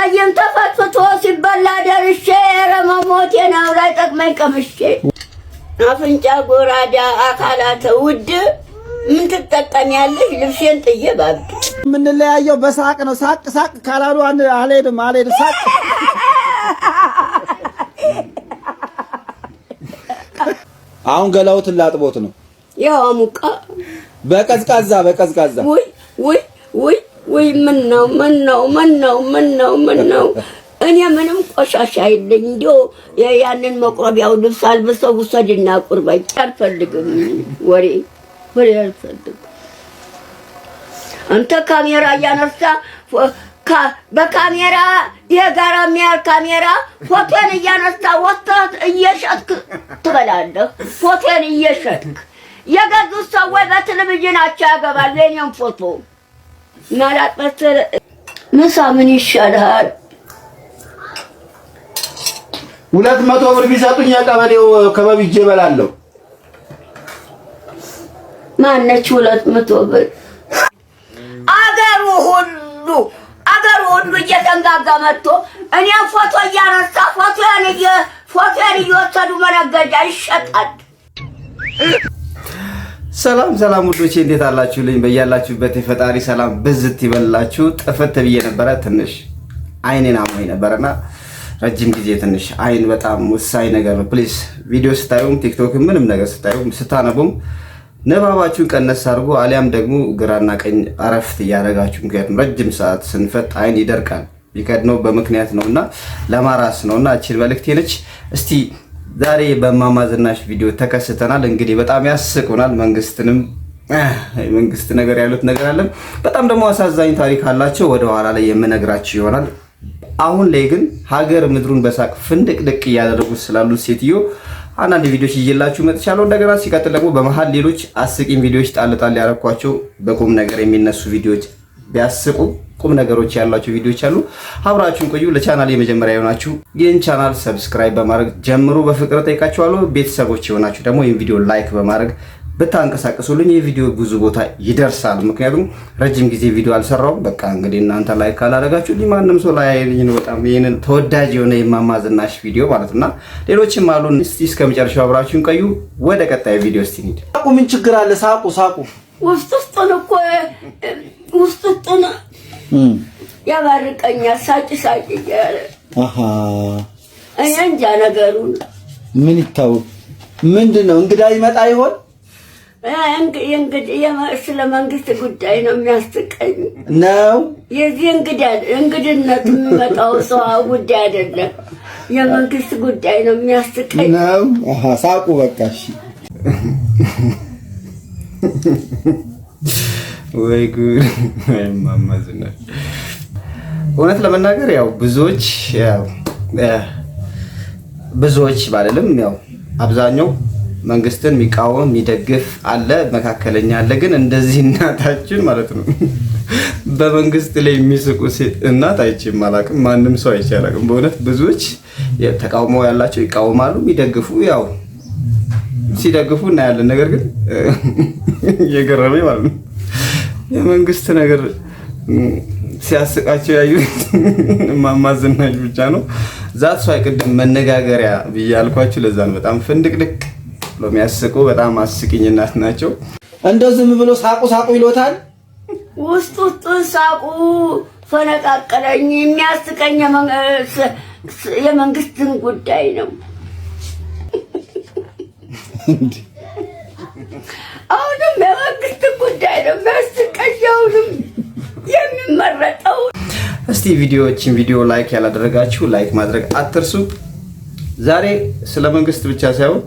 ራዬም ተፈትፍቶ ሲበላ ደርሼ ረመሞቴ መሞቴ ነው ላይ ጠቅመኝ ቀምሼ አፍንጫ ጎራዳ አካላተ ውድ ምን ትጠቀሚያለሽ? ልብሴን ጥዬ ባብ የምንለያየው በሳቅ ነው። ሳቅ ሳቅ ካላሉ አልሄድም አልሄድም ሳቅ አሁን ገላውትን ላጥቦት ነው። ያው ሙቃ በቀዝቃዛ በቀዝቃዛ ውይ ውይ ውይ ወይ ምን ነው ምን ነው ምን ነው ምን ነው ምን ነው? እኔ ምንም ቆሻሻ የለኝ። እንዲያው ያንን መቁረቢያው ልብስ አልብሰው ውሰድና ቁርበኝ። አልፈልግም ወሬ ወሬ አልፈልግም። አንተ ካሜራ እያነሳ በካሜራ የጋራ የሚያል ካሜራ ፎቶን እያነሳ ወጥተህ እየሸጥክ ትበላለህ። ፎቶን እየሸጥክ የገዙት ሰዎች በቴሌቪዥናቸው ያገባል የእኔም ፎቶ ማላበት ምሳ ምን ይሻልሃል? ሁለት መቶ ብር ቢሰጡኝ ቀበሌው ከበብጄ እበላለሁ። ማነች ሁለት መቶ ብር? አገሩ ሁሉ አገሩ ሁሉ እየተንጋጋ መጥቶ እኔ ፎቶ እያነሳ ፎቶ ያን እየወሰዱ መነገጃ ይሸጣል። ሰላም ሰላም ውዶቼ እንዴት አላችሁልኝ? በያላችሁበት የፈጣሪ ሰላም ብዝት ይበላችሁ። ጥፍት ብዬ ነበረ ትንሽ አይኔን አሞኝ ነበረና ረጅም ጊዜ ትንሽ አይን በጣም ወሳኝ ነገር ነው። ፕሊስ ቪዲዮ ስታዩም ቲክቶክ ምንም ነገር ስታዩም ስታነቡም ንባባችሁን ቀነስ አድርጎ አሊያም ደግሞ ግራና ቀኝ አረፍት እያደረጋችሁ ምክንያቱም ረጅም ሰዓት ስንፈጥ አይን ይደርቃል። ቢከድነው በምክንያት ነውና ለማራስ ነው እና እችን መልእክቴ ነች። እስቲ ዛሬ በእማማ ዝናሽ ቪዲዮ ተከስተናል። እንግዲህ በጣም ያስቁናል። መንግስትንም መንግስት ነገር ያሉት ነገር አለን። በጣም ደግሞ አሳዛኝ ታሪክ አላቸው። ወደኋላ ላይ የምነግራችሁ ይሆናል። አሁን ላይ ግን ሀገር ምድሩን በሳቅ ፍንድቅድቅ እያደረጉ ስላሉት ሴትዮ አንዳንድ ቪዲዮች እየላችሁ መጥቻለሁ። እንደገና ሲቀጥል ደግሞ በመሀል ሌሎች አስቂኝ ቪዲዮዎች ጣልጣል ያረኳቸው በቁም ነገር የሚነሱ ቪዲዮዎች ቢያስቁ ቁም ነገሮች ያሏቸው ቪዲዮዎች አሉ። አብራችሁን ቆዩ። ለቻናል የመጀመሪያ የሆናችሁ ይህን ቻናል ሰብስክራይብ በማድረግ ጀምሩ። በፍቅር ጠይቃችኋለሁ። ቤተሰቦች የሆናችሁ ደግሞ ይህን ቪዲዮ ላይክ በማድረግ ብታንቀሳቀሱልኝ ቪዲዮ ብዙ ቦታ ይደርሳል። ምክንያቱም ረጅም ጊዜ ቪዲዮ አልሰራውም። በቃ እንግዲህ እናንተ ላይክ ካላደረጋችሁ ማንም ሰው ላይ ነው። በጣም ይህንን ተወዳጅ የሆነ የማማዝናሽ ቪዲዮ ማለት እና ሌሎችም አሉ። እስቲ እስከ መጨረሻው አብራችሁን ቆዩ። ወደ ቀጣዩ ቪዲዮ እስቲ እንሂድ። ሳቁ ምን ችግር አለ? ሳቁ ሳቁ ውስጥ ውስጡን እኮ ውስጥ ውስጡን ያባርቀኛል። ሳጭ ሳጭ እያለ እኔ እንጃ ነገሩን ምን ይታወቅ። ምንድን ነው እንግዳ ይመጣ ይሆን? እንግዲህ ስለ መንግስት ጉዳይ ነው የሚያስቀኝ ነው። የዚህ እንግድነት የሚመጣው ሰው ጉዳይ አይደለም፣ የመንግስት ጉዳይ ነው የሚያስቀኝ ነው። ሳቁ በቃ እሺ። ወይ ጉድ! እማማ እውነት ለመናገር ያው ብዙዎች ያው ብዙዎች ባለልም ያው አብዛኛው መንግስትን የሚቃወም የሚደግፍ አለ፣ መካከለኛ አለ። ግን እንደዚህ እናታችን ማለት ነው በመንግስት ላይ የሚስቁ እናት አይቼም አላቅም። ማንም ሰው አይቼ አላቅም። በእውነት ብዙዎች ተቃውሞ ያላቸው ይቃወማሉ፣ የሚደግፉ ያው ሲደግፉ እናያለን። ነገር ግን እየገረመኝ ማለት ነው የመንግስት ነገር ሲያስቃቸው ያዩ እማማ ዝናሽ ብቻ ነው። ዛት ሷ ቅድም መነጋገሪያ ብዬ አልኳችሁ። ለዛ ነው በጣም ፍንድቅድቅ ብሎ የሚያስቁ በጣም አስቂኝ እናት ናቸው። እንደው ዝም ብሎ ሳቁ ሳቁ ይሎታል። ውስጥ ውስጡን ሳቁ ፈነቃቀለኝ። የሚያስቀኝ የመንግስትን ጉዳይ ነው። አሁንም የመንግስትን ጉዳይ እስቲ ቪዲዮዎችን ቪዲዮ ላይክ ያላደረጋችሁ ላይክ ማድረግ አትርሱ። ዛሬ ስለ መንግስት ብቻ ሳይሆን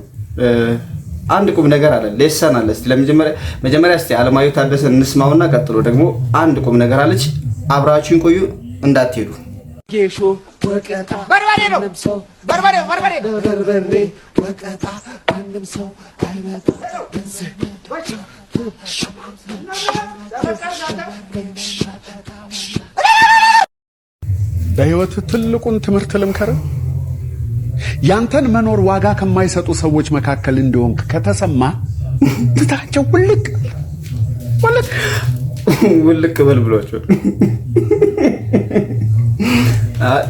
አንድ ቁም ነገር አለ፣ ሌሰን አለ። እስቲ ለመጀመሪያ መጀመሪያ እስቲ አለማየሁ ታደሰ እንስማውና ቀጥሎ ደግሞ አንድ ቁም ነገር አለች። አብራችሁን ቆዩ እንዳትሄዱ። ጌሾ ወቀጣ በርበሬ ነው በርበሬ በርበሬ በርበሬ ወቀጣ አንድም ሰው አይመጣ በህይወት ትልቁን ትምህርት ልምከር። ያንተን መኖር ዋጋ ከማይሰጡ ሰዎች መካከል እንደሆንክ ከተሰማ ትታቸው ውልቅ ውልቅ ውልቅ በል ብሏቸው።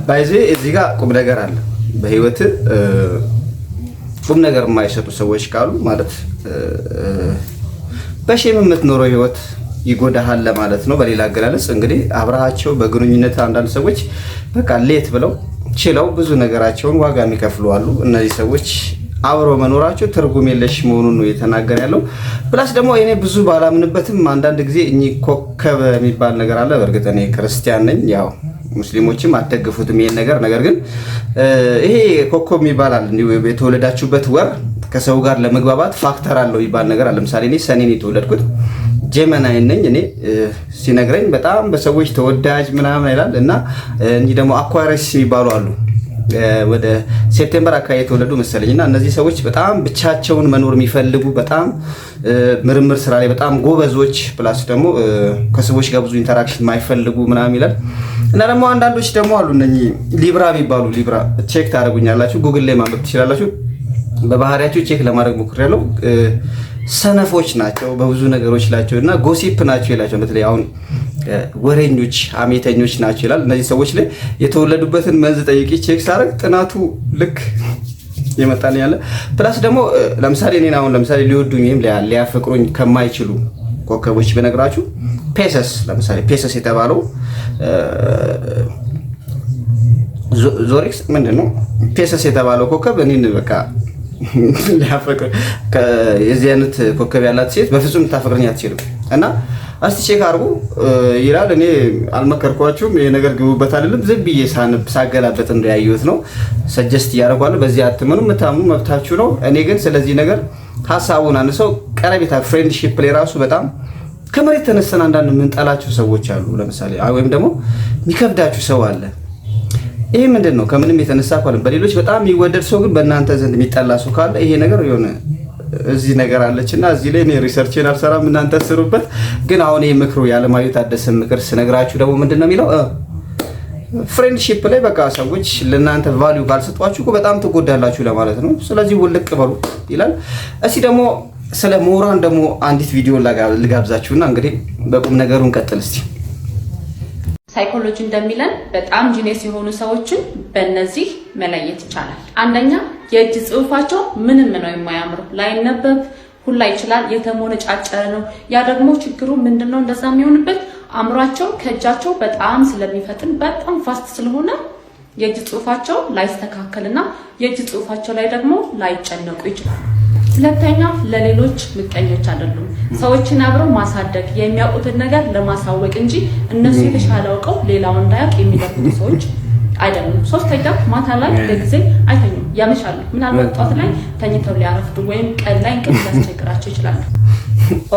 ባይዜ እዚህ ጋር ቁም ነገር አለ። በህይወት ቁም ነገር የማይሰጡ ሰዎች ካሉ ማለት በሼም የምትኖረው ህይወት ይጎዳሃል ለማለት ነው። በሌላ አገላለጽ እንግዲህ አብረሃቸው በግንኙነት አንዳንድ ሰዎች በቃ ሌት ብለው ችለው ብዙ ነገራቸውን ዋጋ የሚከፍሉ አሉ። እነዚህ ሰዎች አብሮ መኖራቸው ትርጉም የለሽ መሆኑን ነው እየተናገር ያለው። ፕላስ ደግሞ እኔ ብዙ ባላምንበትም አንዳንድ ጊዜ እኚህ ኮከብ የሚባል ነገር አለ። በእርግጥ እኔ ክርስቲያን ነኝ፣ ያው ሙስሊሞችም አትደግፉትም ይሄን ነገር። ነገር ግን ይሄ ኮከብ የሚባላል እንዲሁ የተወለዳችሁበት ወር ከሰው ጋር ለመግባባት ፋክተር አለው ይባል ነገር አለ። ለምሳሌ እኔ ሰኔን የተወለድኩት ጀመናይ ነኝ እኔ ሲነግረኝ በጣም በሰዎች ተወዳጅ ምናምን ይላል እና እንዲህ ደግሞ አኳረስ ይባሉ አሉ ወደ ሴፕቴምበር አካባቢ የተወለዱ መሰለኝ እና እነዚህ ሰዎች በጣም ብቻቸውን መኖር የሚፈልጉ በጣም ምርምር ስራ ላይ በጣም ጎበዞች ፕላስ ደግሞ ከሰዎች ጋር ብዙ ኢንተራክሽን የማይፈልጉ ምናምን ይላል እና ደግሞ አንዳንዶች ደግሞ አሉ እነ ሊብራ የሚባሉ ሊብራ ቼክ ታደርጉኛላችሁ፣ ጉግል ላይ ማንበብ ትችላላችሁ። በባህሪያቸው ቼክ ለማድረግ ሞክሬያለሁ። ሰነፎች ናቸው በብዙ ነገሮች ናቸው እና ጎሲፕ ናቸው ይላቸው። በተለይ አሁን ወሬኞች፣ አሜተኞች ናቸው ይላል። እነዚህ ሰዎች ላይ የተወለዱበትን መንዝ ጠይቄ ቼክ ሳደርግ ጥናቱ ልክ የመጣል ያለ ፕላስ ደግሞ ለምሳሌ እኔን አሁን ለምሳሌ ሊወዱኝ ወይም ሊያፈቅሩኝ ከማይችሉ ኮከቦች በነግራችሁ ፔሰስ ለምሳሌ ፔሰስ የተባለው ዞሪክስ ምንድን ነው ፔሰስ የተባለው ኮከብ እኔን በቃ የዚህ አይነት ኮከብ ያላት ሴት በፍጹም ልታፈቅረኝ አትችልም። እና እስቲ ቼክ አድርጉ ይላል። እኔ አልመከርኳችሁም፣ ይሄ ነገር ግቡበት አይደለም። ዝም ብዬ ሳንብ ሳገላበጥ እንዳያየሁት ነው። ሰጀስት እያደረጓለሁ። በዚህ አትመኑ፣ የምታምኑ መብታችሁ ነው። እኔ ግን ስለዚህ ነገር ሀሳቡን አንሰው ቀረቤታ ፍሬንድሺፕ ላይ ራሱ በጣም ከመሬት ተነስተን አንዳንድ የምንጠላቸው ሰዎች አሉ። ለምሳሌ ወይም ደግሞ የሚከብዳችሁ ሰው አለ ይሄ ምንድን ነው? ከምንም የተነሳ እንኳን በሌሎች በጣም የሚወደድ ሰው ግን በእናንተ ዘንድ የሚጠላ ሰው ካለ ይሄ ነገር የሆነ እዚህ ነገር አለች እና እዚህ ላይ እኔ ሪሰርችን አልሰራም፣ እናንተ ስሩበት። ግን አሁን ይሄ ምክሩ የአለማየሁ አደሰ ምክር ስነግራችሁ ደግሞ ምንድን ነው የሚለው ፍሬንድሺፕ ላይ በቃ ሰዎች ለእናንተ ቫሊዩ ካልሰጧችሁ በጣም ትጎዳላችሁ ለማለት ነው። ስለዚህ ውልቅ በሉ ይላል። እስኪ ደግሞ ስለ ምሁራን ደግሞ አንዲት ቪዲዮ ልጋብዛችሁና እንግዲህ በቁም ነገሩ እንቀጥል እስኪ ሳይኮሎጂ እንደሚለን በጣም ጂኔስ የሆኑ ሰዎችን በእነዚህ መለየት ይቻላል። አንደኛ የእጅ ጽሑፋቸው ምንም ነው የማያምረው፣ ላይነበብ ሁላ ይችላል፣ የተሞነጫጨረ ነው። ያ ደግሞ ችግሩ ምንድን ነው እንደዛ የሚሆንበት አእምሯቸው ከእጃቸው በጣም ስለሚፈጥን በጣም ፋስት ስለሆነ የእጅ ጽሑፋቸው ላይስተካከልና የእጅ ጽሑፋቸው ላይ ደግሞ ላይጨነቁ ይችላል። ሁለተኛ ለሌሎች ምቀኞች አይደሉም። ሰዎችን አብረው ማሳደግ የሚያውቁትን ነገር ለማሳወቅ እንጂ እነሱ የተሻለ አውቀው ሌላው እንዳያውቅ የሚደርጉ ሰዎች አይደሉም። ሶስተኛ ማታ ላይ ለጊዜ አይተኙም፣ ያመሻሉ። ምናልባት ጠዋት ላይ ተኝተው ሊያረፍዱ ወይም ቀን ላይ እንቅልፍ ሊያስቸግራቸው ይችላሉ።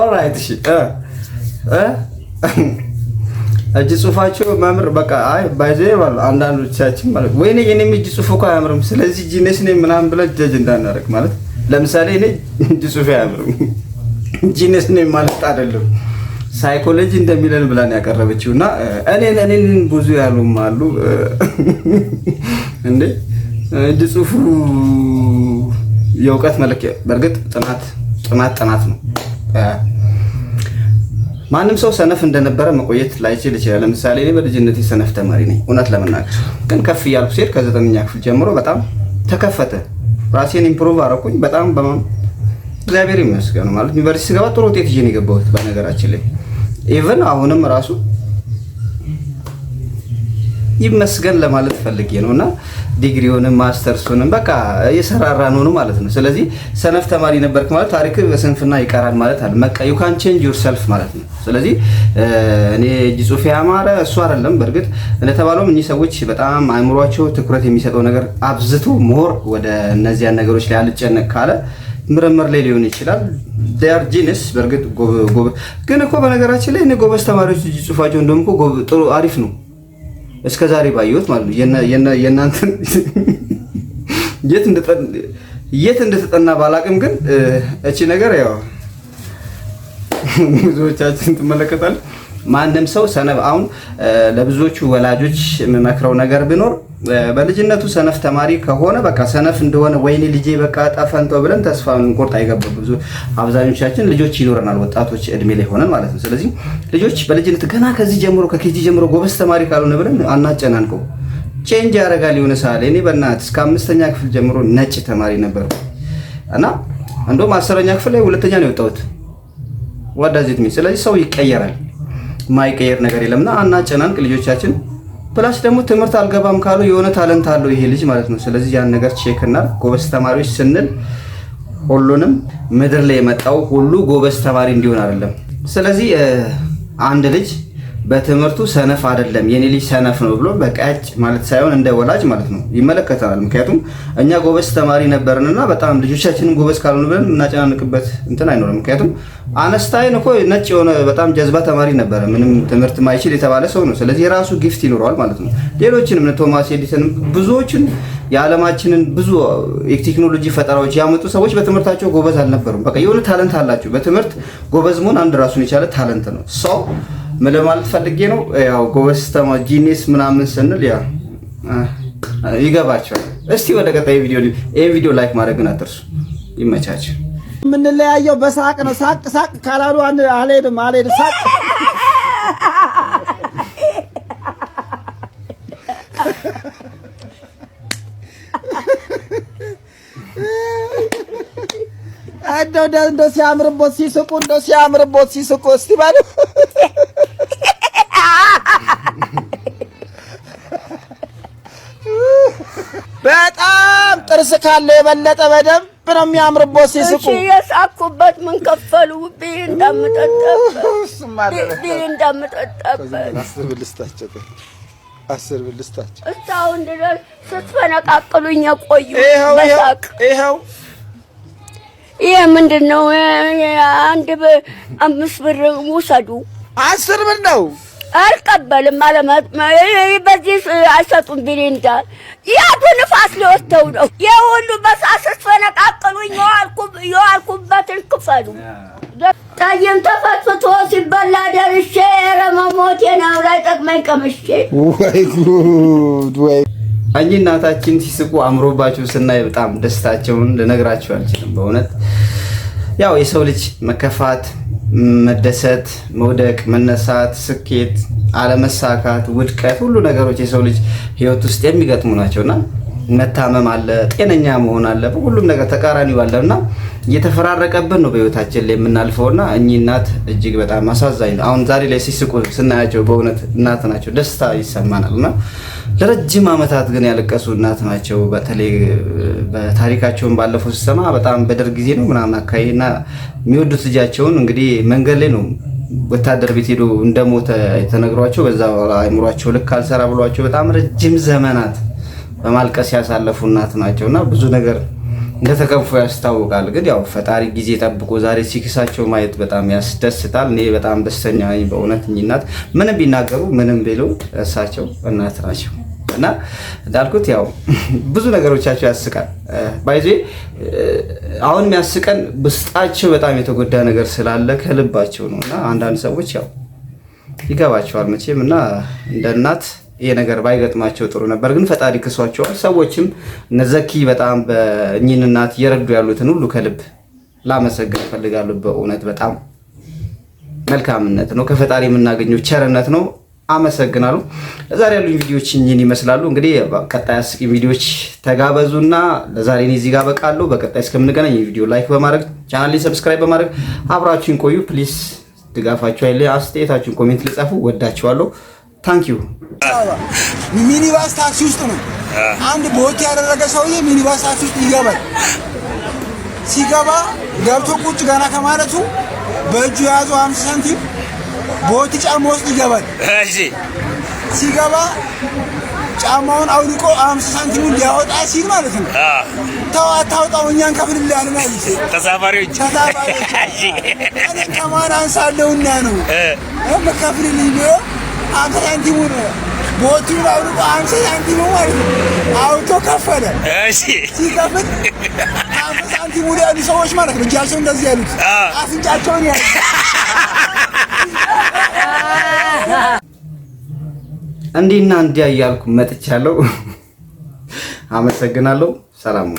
ኦራይት እሺ እጅ ጽሁፋቸው መምር በቃ አይ ባይዘ ይባሉ አንዳንዶቻችን ማለት ወይኔ የኔም እጅ ጽሁፍ እኮ አያምርም፣ ስለዚህ ጂነስ ነኝ ምናምን ብለን ጀጅ እንዳናደርግ ማለት ለምሳሌ እኔ እንጂ ጽሑፍ አያምርም ጂነስ ነኝ ማለት አይደለም። ሳይኮሎጂ እንደሚለን ብላን ያቀረበችው እና እኔን እኔን ብዙ ያሉም አሉ እንዴ እንጂ ጽሑፉ የእውቀት መለኪያ በእርግጥ ጥናት ጥናት ጥናት ነው። ማንም ሰው ሰነፍ እንደነበረ መቆየት ላይችል ይችላል። ለምሳሌ እኔ በልጅነት ሰነፍ ተማሪ ነኝ እውነት ለመናገር ግን ከፍ እያልኩ ሲሄድ ከዘጠነኛ ክፍል ጀምሮ በጣም ተከፈተ ራሴን ኢምፕሩቭ አረኩኝ በጣም በማን እግዚአብሔር ይመስገን ማለት ዩኒቨርሲቲ ስገባ ጥሩ ውጤት ይዤ ነው የገባሁት በነገራችን ላይ ኢቨን አሁንም ራሱ ይመስገን ለማለት ፈልጌ ነው እና ዲግሪውንም ማስተርሱንም በቃ የሰራራ ነው ማለት ነው። ስለዚህ ሰነፍ ተማሪ ነበርክ ማለት ታሪክ በስንፍና ይቀራል ማለት አለ። መቃ ዩ ካን ቼንጅ ዩር ሰልፍ ማለት ነው። ስለዚህ እኔ እጅ ጽሁፌ ያማረ እሱ አይደለም። በእርግጥ እንደተባለውም እኚህ ሰዎች በጣም አእምሯቸው ትኩረት የሚሰጠው ነገር አብዝቶ ሞር ወደ እነዚያን ነገሮች ላይ አልጨነቅ ካለ ምርምር ላይ ሊሆን ይችላል። ዴር ጂነስ በእርግጥ ግን እኮ በነገራችን ላይ እኔ ጎበዝ ተማሪዎች እጅ ጽሁፋቸው እንደውም እኮ ጥሩ አሪፍ ነው። እስከ ዛሬ ባየሁት ማለት ነው። የእናንተን የት እንደተጠና ባላቅም፣ ግን እቺ ነገር ያው ብዙዎቻችን ትመለከታል። ማንም ሰው ሰነፍ አሁን ለብዙዎቹ ወላጆች የምመክረው ነገር ቢኖር በልጅነቱ ሰነፍ ተማሪ ከሆነ በቃ ሰነፍ እንደሆነ ወይኔ ልጄ በቃ ጠፈንቶ ብለን ተስፋ እንቆርጥ አይገባም። ብዙ አብዛኞቻችን ልጆች ይኖረናል፣ ወጣቶች እድሜ ላይ ሆነን ማለት ነው። ስለዚህ ልጆች በልጅነት ገና ከዚህ ጀምሮ ከኬጂ ጀምሮ ጎበዝ ተማሪ ካልሆነ ብለን አናጨናንቀው። ቼንጅ ያደርጋል የሆነ ሰዓት እኔ በእናት እስከ አምስተኛ ክፍል ጀምሮ ነጭ ተማሪ ነበር እና እንደውም አስረኛ ክፍል ላይ ሁለተኛ ነው የወጣሁት ወዳጅት። ስለዚህ ሰው ይቀየራል። የማይቀየር ነገር የለምና አናጨናንቅ ልጆቻችን። ፕላስ ደግሞ ትምህርት አልገባም ካሉ የሆነ ታለንት አለው ይሄ ልጅ ማለት ነው። ስለዚህ ያን ነገር ቼክ ጎበስ ጎበዝ ተማሪዎች ስንል ሁሉንም ምድር ላይ የመጣው ሁሉ ጎበዝ ተማሪ እንዲሆን አይደለም። ስለዚህ አንድ ልጅ በትምህርቱ ሰነፍ አይደለም የኔ ልጅ ሰነፍ ነው ብሎ በቀጭ ማለት ሳይሆን እንደ ወላጅ ማለት ነው ይመለከተናል። ምክንያቱም እኛ ጎበዝ ተማሪ ነበርንና በጣም ልጆቻችንን ጎበዝ ካልሆኑ ብለን እናጨናንቅበት እንትን አይኖርም። ምክንያቱም አነስታይን እኮ ነጭ የሆነ በጣም ጀዝባ ተማሪ ነበረ፣ ምንም ትምህርት ማይችል የተባለ ሰው ነው። ስለዚህ የራሱ ጊፍት ይኖረዋል ማለት ነው። ሌሎችንም ቶማስ ኤዲሰንም ብዙዎችን የዓለማችንን ብዙ የቴክኖሎጂ ፈጠራዎች ያመጡ ሰዎች በትምህርታቸው ጎበዝ አልነበሩም። በቃ የሆነ ታለንት አላቸው። በትምህርት ጎበዝ መሆን አንድ ራሱን የቻለ ታለንት ነው ሰው ምን ለማለት ፈልጌ ነው? ያው ጎበዝ ተማሪ ጂኒስ ምናምን ስንል ያ ይገባቸዋል። እስቲ ወደ ቀጣይ ቪዲዮ ይሄን ቪዲዮ ላይክ ማድረግ ግን አትርሱ። ይመቻችሁ። የምንለያየው በሳቅ ነው። ሳቅ ሳቅ ካላሉ አልሄድም አልሄድም ሳቅ እንደው እንደው ሲያምርቦት ሲስቁ እንደው ሲያምርቦት ሲስቁ እስቲ ባለው በጣም ጥርስ ካለ የበለጠ በደንብ ነው የሚያምርቦት ሲስቁ። እሺ የሳኩበት ምን ከፈሉ? ቢሪ እንዳምጠጣበት ቢሪ እንዳምጠጣበት አስር ብር ልስጣቸው። እስካሁን ድረስ ስትፈነቃቅሉኝ የቆዩ በሳቅ ይኸው ይሄ ምንድን ነው? አንድ አምስት ብር ውሰዱ። አስር ብር ነው አልቀበልም አለ። በዚህ አይሰጡም ቢሊንዳ ያቱ ንፋስ ሊወስደው ነው። ይህ ሁሉ በሳት ስትፈነቃቅሉኝ የዋልኩበትን ክፈሉ። ጠይም ተፈትፍቶ ሲበላ ደርሼ ረመሞት የናው ላይ ጠቅመኝ ቀምሼ ወይ ጉድ ወይ አይ እናታችን ሲስቁ አምሮባችሁ ስናይ በጣም ደስታቸውን ልነግራችሁ አልችልም በእውነት ያው የሰው ልጅ መከፋት መደሰት፣ መውደቅ፣ መነሳት፣ ስኬት፣ አለመሳካት፣ ውድቀት ሁሉ ነገሮች የሰው ልጅ ህይወት ውስጥ የሚገጥሙ ናቸውና መታመም አለ፣ ጤነኛ መሆን አለ። ሁሉም ነገር ተቃራኒ አለ እና እየተፈራረቀብን ነው በህይወታችን ላይ የምናልፈው እና እኚህ እናት እጅግ በጣም አሳዛኝ ነው። አሁን ዛሬ ላይ ሲስቁ ስናያቸው በእውነት እናት ናቸው፣ ደስታ ይሰማናል እና ለረጅም ዓመታት ግን ያለቀሱ እናት ናቸው። በተለይ በታሪካቸውን ባለፈው ሲሰማ በጣም በደርግ ጊዜ ነው ምናምን አካባቢ እና የሚወዱት ልጃቸውን እንግዲህ መንገድ ላይ ነው ወታደር ቤት ሄዶ እንደሞተ የተነግሯቸው በዛ አይምሯቸው ልክ አልሰራ ብሏቸው በጣም ረጅም ዘመናት በማልቀስ ያሳለፉ እናት ናቸው እና ብዙ ነገር እንደተከፉ ያስታውቃል። ግን ያው ፈጣሪ ጊዜ ጠብቆ ዛሬ ሲክሳቸው ማየት በጣም ያስደስታል። እኔ በጣም ደስተኛ በእውነት እኚህ እናት ምንም ቢናገሩ ምንም ቢሉ እሳቸው እናት ናቸው። እና እንዳልኩት ያው ብዙ ነገሮቻቸው ያስቃል። ባይ አሁን የሚያስቀን ውስጣቸው በጣም የተጎዳ ነገር ስላለ ከልባቸው ነው እና አንዳንድ ሰዎች ያው ይገባቸዋል መቼም እና እንደ እናት ይሄ ነገር ባይገጥማቸው ጥሩ ነበር፣ ግን ፈጣሪ ክሷቸዋል። ሰዎችም ነዘኪ በጣም በእኚህን እናት እየረዱ ያሉትን ሁሉ ከልብ ላመሰግን እፈልጋለሁ። በእውነት በጣም መልካምነት ነው ከፈጣሪ የምናገኘው ቸርነት ነው። አመሰግናሉ። ለዛሬ ያሉኝ ቪዲዮዎች እኚህን ይመስላሉ። እንግዲህ ቀጣይ አስቂኝ ቪዲዮዎች ተጋበዙና ለዛሬ እኔ እዚህ ጋር በቃሉ። በቀጣይ እስከምንገናኝ ቪዲዮ ላይክ በማድረግ ቻናሌን ሰብስክራይብ በማድረግ አብራችሁን ቆዩ። ፕሊስ ድጋፋችሁ አይለ አስተያየታችሁን ኮሜንት ልጻፉ። ወዳችኋለሁ። ታንክ ዩ። ሚኒባስ ታክሲ ውስጥ ነው አንድ ቦት ያደረገ ሰውዬ ሚኒባስ ታክሲ ውስጥ ይገባል። ሲገባ ገብቶ ቁጭ ገና ከማለቱ በእጁ የያዘው አምስት ሳንቲም ቦቲ ጫማ ውስጥ ይገባል። እሺ ሲገባ ጫማውን አውልቆ አምስት ሳንቲሙን ሊያወጣ ሲል ማለት ነው። ተው አታውጣው፣ እኛ እንከፍልልሃለን ማለት ተሳፋሪዎች ተሳፋሪዎች እኔ ከማን አንሳለሁና ነው የምከፍልልኝ ብሎ አምስት ነው ቦቲውን አውልቆ አምስት ሳንቲሙ ማለት ነው አውቶ ከፈለ። እሺ ሲከፍል አምስት ሳንቲሙ ያሉ ሰዎች ማለት ነው እጃቸው እንደዚህ ያሉት አፍንጫቸውን ያሉት እንዲህና እንዲያ እያልኩ መጥቻለሁ። አመሰግናለሁ። ሰላም